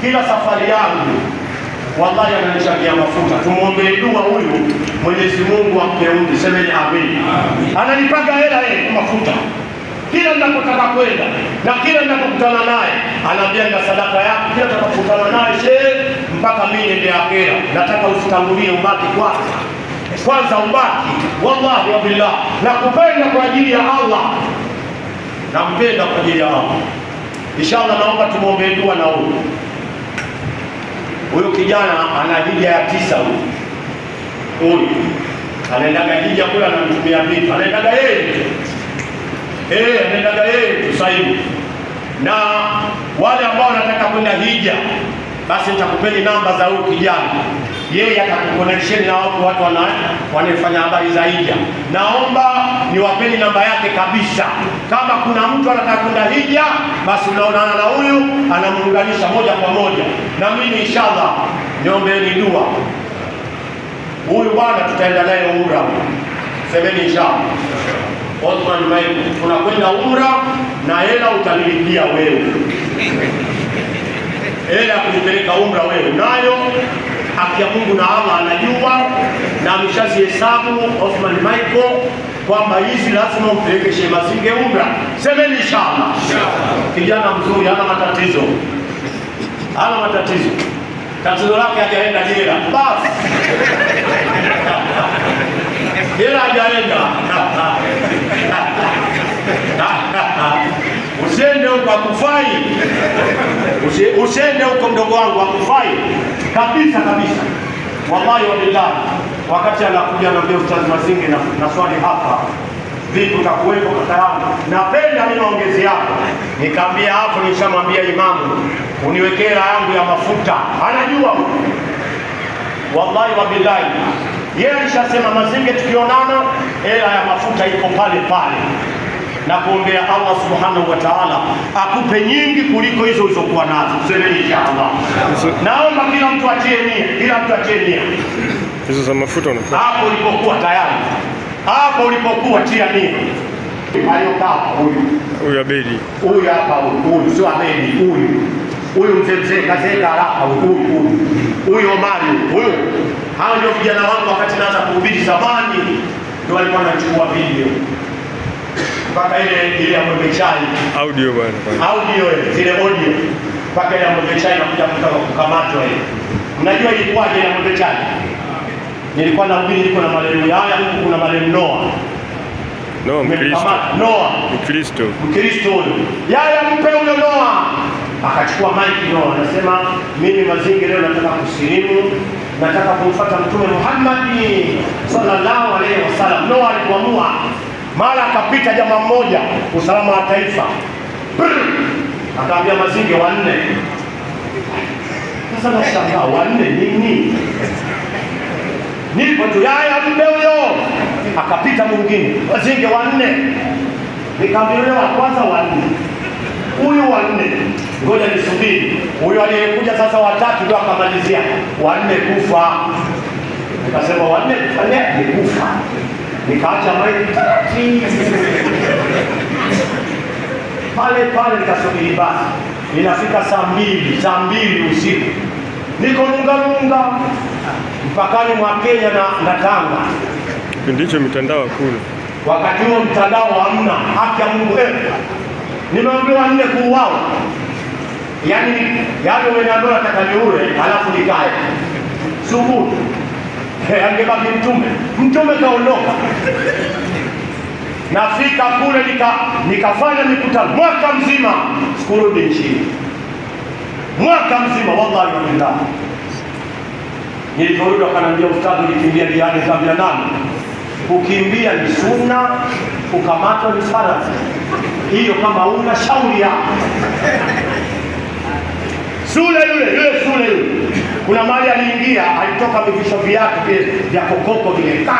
kila safari yangu wallahi ananichangia mafuta. Tumuombee dua huyu, Mwenyezi Mungu ampe umri. Semeni amin. Ananipaga hela yeye kwa mafuta kila ninapotaka kwenda na kila ninapokutana naye anaambia, na sadaka yako kila ninapokutana naye shehe, mpaka mimi niende akhera. Nataka usitangulie ubaki kwanza, kwanza ubaki. Wallahi wabillah, nakupenda kwa ajili ya Allah, nampenda kwa ajili ya Allah. Inshallah, naomba tumuombee dua na huyu Huyu kijana ana hija ya tisa, huyu huyu anaendaga hija kule, anamtumia vitu, anaendaga yeye eh, anaendaga yeye tu Na wale ambao wanataka kwenda hija, basi nitakupeni namba za huyu kijana yeye atakukoneksheni na watu watu wanaefanya habari za hija. Naomba niwapeni namba yake kabisa, kama kuna mtu anataka kwenda hija, basi unaonana na huyu anamuunganisha moja kwa moja na mimi. Inshallah niombeeni dua, huyu bwana tutaenda naye umra. Semeni inshallah Osman Maiku, tunakwenda umra na hela utanilipia wewe, hela ya kunipeleka umra wewe nayo haki ya Mungu na Allah anajua na ameshazihesabu Othman Michael kwamba hizi lazima umpeleke Sheikh Mazinge umra. Semeni inshallah. Kijana mzuri hana matatizo, hana matatizo, tatizo lake hajaenda jela basi jela hajaenda usiende huko akufai, usiende huko mdogo wangu akufai kabisa kabisa, wallahi wabillahi. Wakati anakuja anambia Ustadh Mazinge na, na swali hapa vitu takuwepo kaka yangu, napenda mimi maongezi yako. Nikaambia hapo, nishamwambia imamu uniwekee yangu ya mafuta, anajua wallahi wabillahi. Yeye alishasema Mazinge, tukionana hela ya mafuta iko pale pale na kuombea Allah subhanahu wa ta'ala akupe nyingi kuliko hizo ulizokuwa nazo. Semeni Naomba kila mtu atie nia, kila mtu atie nia hizo za mafuta unapata hapo ulipokuwa tayari, hapo ulipokuwa tia nia aliyopapa huyu huyu Abedi huyu hapa, huyu sio Abedi, huyu huyu mzee mzee kazeka huyu huyu huyu Omari huyu. Hao ndio vijana wangu, wakati naanza kuhubiri zamani, ndio walikuwa wanachukua video mpaka ile ile ya mwembe chai audio bwana, audio ile zile audio mpaka ile ya mwembe chai na kuja nakuja kukamatwa ile. Mnajua ilikuwa ile ya mwembe chai? Nilikuwa na ubiri, niko na malelu haya, huku kuna malelu Noa No, mkristo Noa Mkristo, Mkristo huyo yaya, mpe huyo Noa. Akachukua maiki Noa, anasema mimi mazingi leo nataka kusilimu, nataka kumfuata Mtume Muhammad sallallahu alaihi wasallam. Noa alikuamua mara akapita jamaa mmoja usalama wa taifa, akaambia Mazinge wanne. Sasa nashangaa wanne nini? nipo tu yaya mbe huyo. Akapita mwingine Mazinge wanne, nikaambia wa kwanza wanne, huyu wanne, ngoja nisubiri huyo aliyekuja sasa watatu ndio akamalizia wanne kufa. Nikasema wanne kufa, nikufa yaani, nikaacha breki pale pale, nikasubiri basi, ninafika saa mbili saa mbili usiku niko Lungalunga mpakani mwa Kenya na, na Tanga. Kipindi mitandao hakuna, wakati huo mtandao hamna. Haki ya Mungu, eh. nimeambiwa nne kuuawa, yaani yaani, umeniambia nataka niure, halafu nikae subutu He, angebaki mtume, mtume kaondoka. Nafika kule nika nikafanya mikutano mwaka mzima, sikurudi nchini mwaka mzima, wallahi walillah. Niliporudi wakaniambia ustadhi, ulikimbia jihadi kabla nani? Kukimbia ni sunna, kukamatwa ni faradhi. Hiyo kama una shauri yako. Sule yule yule, sule yule kuna mali aliingia, alitoka vivisho vyake vile vya kokoko vile.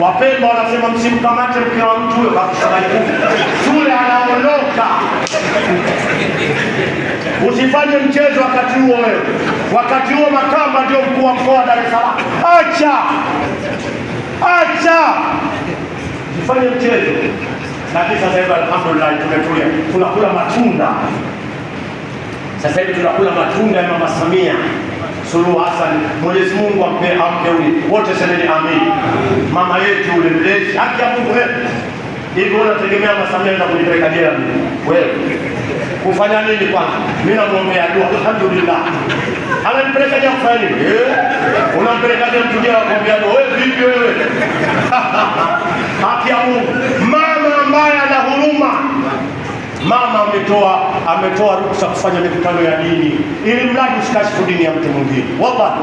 Wapendwa wanasema msimkamate mke wa mtu huyo, shule anaondoka. Usifanye mchezo wakati huo wewe, wakati huo Makamba ndio mkuu wa mkoa wa Dar es Salaam. Acha, acha, usifanye mchezo. Lakini sasa hivi alhamdulillah, tumetulia tunakula matunda sasa hivi tunakula matunda ya Mama Samia Suluhu Hassan, Mwenyezi Mungu ampe ampe huyu wote, semeni amin. Mama yetu ule mlezi, haki ya Mungu wewe. Hivi wewe unategemea Mama Samia na kunipeleka jela wewe? Kufanya nini kwanza? Mimi namuombea dua, alhamdulillah. Ananipeleka jela kufanya nini? Eh? Unampeleka jela mtu jela kumwambia wewe vipi wewe? Haki ya Mungu. Mama ambaye Mama ametoa ametoa ruksa kufanya mikutano ya dini, ili mradi usikashifu dini ya mtu mwingine. Wallahi,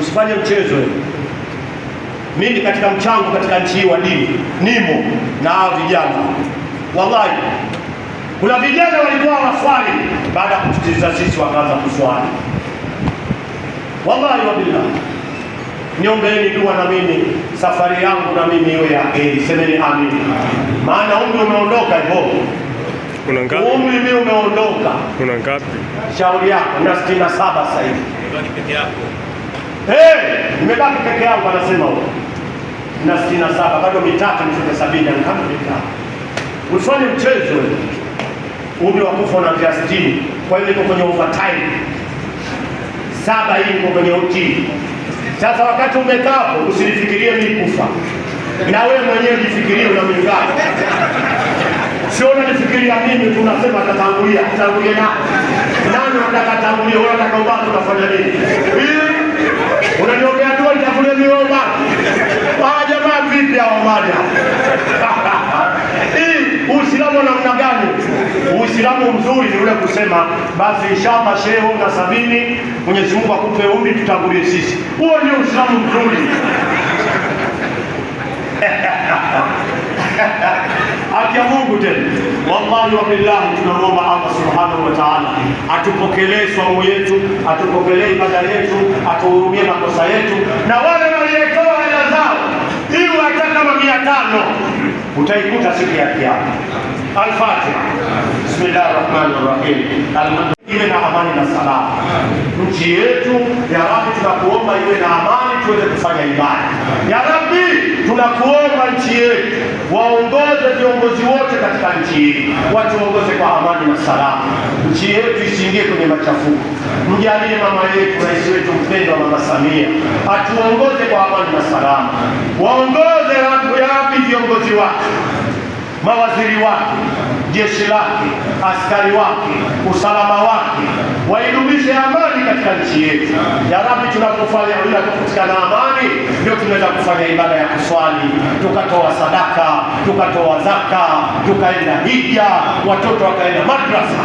usifanye mchezo. Mimi katika mchango katika nchi hii wa dini nimo na vijana, wallahi kuna vijana walikuwa waswali, baada ya kututiliza sisi wakaanza kuswali, wallahi wabillahi Niombeeni dua na mimi safari yangu na mimi iwe ya heri. Semeni amini, maana umri umeondoka. Hivyo Kuna ngapi? umri mimi umeondoka. Kuna ngapi? Shauri yako na sitini na saba sasa hivi nimebaki peke yangu, anasema huko. na 67 bado mitatu nifike na kama mitatu usifanye mchezo. Umri wa kufa na vya 60. Kwa hiyo niko kwenye overtime saba hii niko kwenye utii sasa wakati umekaa hapo, usinifikirie mimi kufa, na wewe mwenyewe jifikirie unamlingaa Sio unanifikiria mimi, tunasema atatangulia, tangulia na nani? Unataka tangulia wewe, unataka ubaki, utafanya nini? Mimi unaniombea dua nitakulia mimi wewe ubaki? Ah, jamaa vipi hawa mada hii? Uislamu namna gani? Uislamu mzuri ni ule kusema basi inshallah shehe na sabini, Mwenyezi Mungu akupe umri tutangulie sisi. Huo ndio Uislamu mzuri. Haki ya Mungu tena. Wallahi wa billahi, tunamwomba Allah subhanahu wa ta'ala atupokelee swaumu yetu, atupokelee ibada yetu, atuhurumie makosa yetu, na wale waliotoa hela zao iwe hata kama tano utaikuta siku ya Kiyama alfatiha bismillahi rahmani Rahmanir Rahim. Iwe na amani na salama nchi yetu ya Rabbi, tunakuomba iwe na amani tuweze kufanya ibada ya Rabbi. Tunakuomba nchi yetu, waongoze viongozi wote katika nchi hii, watuongoze kwa amani na salama. Nchi yetu isiingie kwenye machafuko. Mjalie mama yetu, rais wetu mpendwa, Mama Samia, atuongoze kwa amani na salama. Waongoze Rabbi, ya Rabbi viongozi wake mawaziri wake, jeshi lake, askari wake, usalama wake, waidumishe amani katika nchi yetu. Ya Rabbi, tunapofanya tunapopatikana amani, ndio tunaweza kufanya ibada ya kuswali, tukatoa sadaka, tukatoa zaka, tukaenda hija, watoto wakaenda madrasa,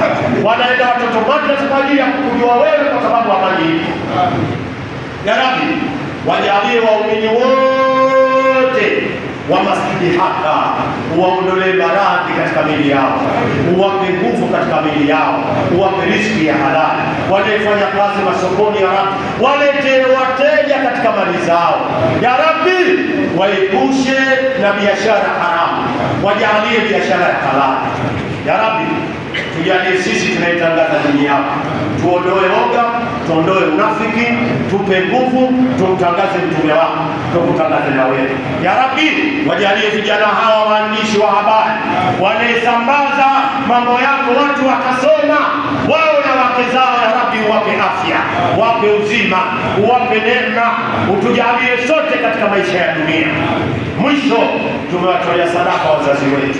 wanaenda watoto madrasa kwa ajili ya kukujua wewe, kwa sababu amani hii. Ya Rabbi, wajalie waumini wote wa masjidi haka uwaondolee maradhi katika mili yao, uwape nguvu katika mili yao, uwape riziki ya halali. Wanaefanya kazi masokoni, ya Rabi, waletee wateja katika mali zao, ya Rabi, waepushe na biashara haramu, wajalie biashara ya halali, ya Rabi tujalie sisi tunaitangaza dini yako, tuondoe oga, tuondoe unafiki, tupe nguvu, tumtangaze mtume wako, tukutangaze na wewe ya Rabbi. Wajalie vijana hawa waandishi wa habari wanaesambaza mambo yako, watu wakasoma wao na wake zao, ya Rabbi, uwape afya, uwape uzima, uwape neema, utujalie sote katika maisha ya dunia. Mwisho tumewatolea sadaka wazazi wetu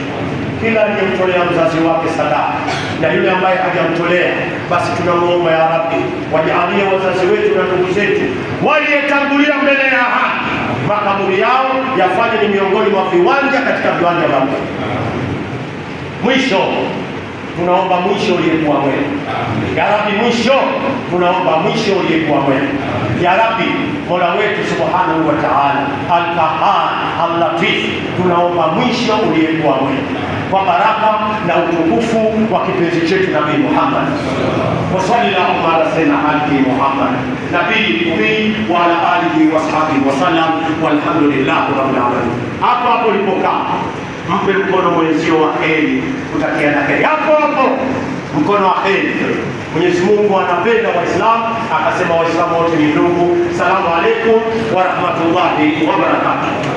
kila aliyemtolea mzazi wake sadaka na yule ambaye hajamtolea basi, tunamuomba ya Rabbi, wajalie wazazi wetu na ndugu zetu waliyetangulia mbele ya haki, makaburi yao yafanye ni miongoni mwa viwanja katika viwanja vya mbele. Mwisho tunaomba mwisho uliyekuwa mwema, ya Rabbi, mwisho tunaomba mwisho uliyekuwa mwema, ya Rabbi, Mola wetu subhanahu wa taala, al tunaomba mwisho uliyekuwa mwema kwa baraka na utukufu wa kipenzi chetu Nabii Muhammad wasali lahuma ala sayyidina ali Muhammad nabii umii wa ala alihi wa sahbihi sallam walhamdulillahi rabbil alamin. Hapo hapo ulipokaa mpe mkono mwenzio wa heri, na heri hapo hapo mkono wa heri. Mwenyezi Mungu anapenda Waislamu, akasema Waislamu wote ni ndugu. Salamu alaykum wa rahmatullahi wa barakatuh.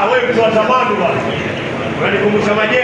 Ah, wewe mtu wa zamani bwana, unanikumbusha majengo.